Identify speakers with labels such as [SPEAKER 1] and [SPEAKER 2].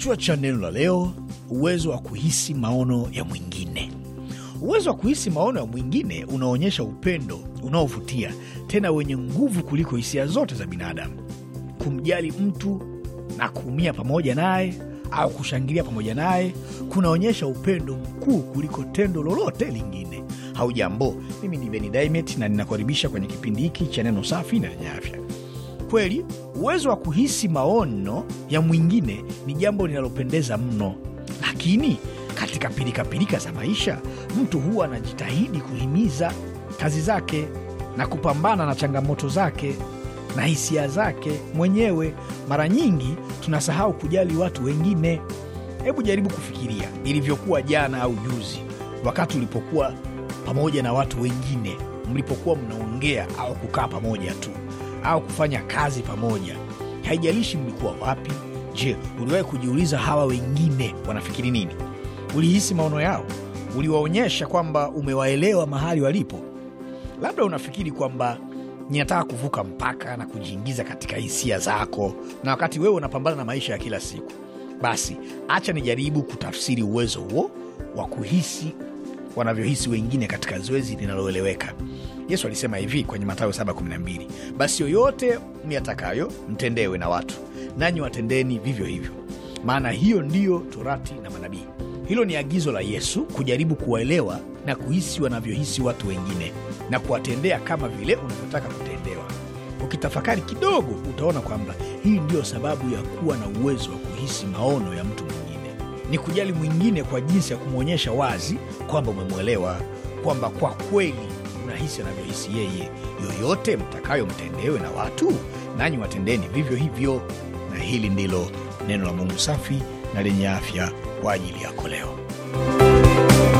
[SPEAKER 1] Kichwa cha neno la leo: uwezo wa kuhisi maono ya mwingine. Uwezo wa kuhisi maono ya mwingine unaonyesha upendo unaovutia tena wenye nguvu kuliko hisia zote za binadamu. Kumjali mtu na kuumia pamoja naye au kushangilia pamoja naye kunaonyesha upendo mkuu kuliko tendo lolote lingine. Haujambo, mimi ni Beni Daimet na ninakaribisha kwenye kipindi hiki cha neno safi na lenye afya kweli, uwezo wa kuhisi maono ya mwingine ni jambo linalopendeza mno, lakini katika pilikapilika za maisha mtu huwa anajitahidi kuhimiza kazi zake na kupambana na changamoto zake na hisia zake mwenyewe. Mara nyingi tunasahau kujali watu wengine. Hebu jaribu kufikiria ilivyokuwa jana au juzi, wakati ulipokuwa pamoja na watu wengine, mlipokuwa mnaongea au kukaa pamoja tu au kufanya kazi pamoja, haijalishi mlikuwa wapi. Je, uliwahi kujiuliza hawa wengine wanafikiri nini? Ulihisi maono yao? Uliwaonyesha kwamba umewaelewa mahali walipo? Labda unafikiri kwamba ninataka kuvuka mpaka na kujiingiza katika hisia zako, na wakati wewe unapambana na maisha ya kila siku. Basi acha nijaribu kutafsiri uwezo huo wa kuhisi wanavyohisi wengine katika zoezi linaloeleweka. Yesu alisema hivi kwenye matayo 7:12, basi yoyote miatakayo mtendewe na watu, nanyi watendeni vivyo hivyo, maana hiyo ndiyo torati na manabii. Hilo ni agizo la Yesu kujaribu kuwaelewa na kuhisi wanavyohisi watu wengine na kuwatendea kama vile unavyotaka kutendewa. Ukitafakari kidogo, utaona kwamba hii ndiyo sababu ya kuwa na uwezo wa kuhisi maono ya mtu mwingine, ni kujali mwingine kwa jinsi ya kumwonyesha wazi kwamba umemwelewa, kwamba kwa kweli rahisi anavyohisi yeye. Yoyote mtakayo mtendewe na watu, nanyi watendeni vivyo hivyo. Na hili ndilo neno la Mungu safi na lenye afya kwa ajili yako leo.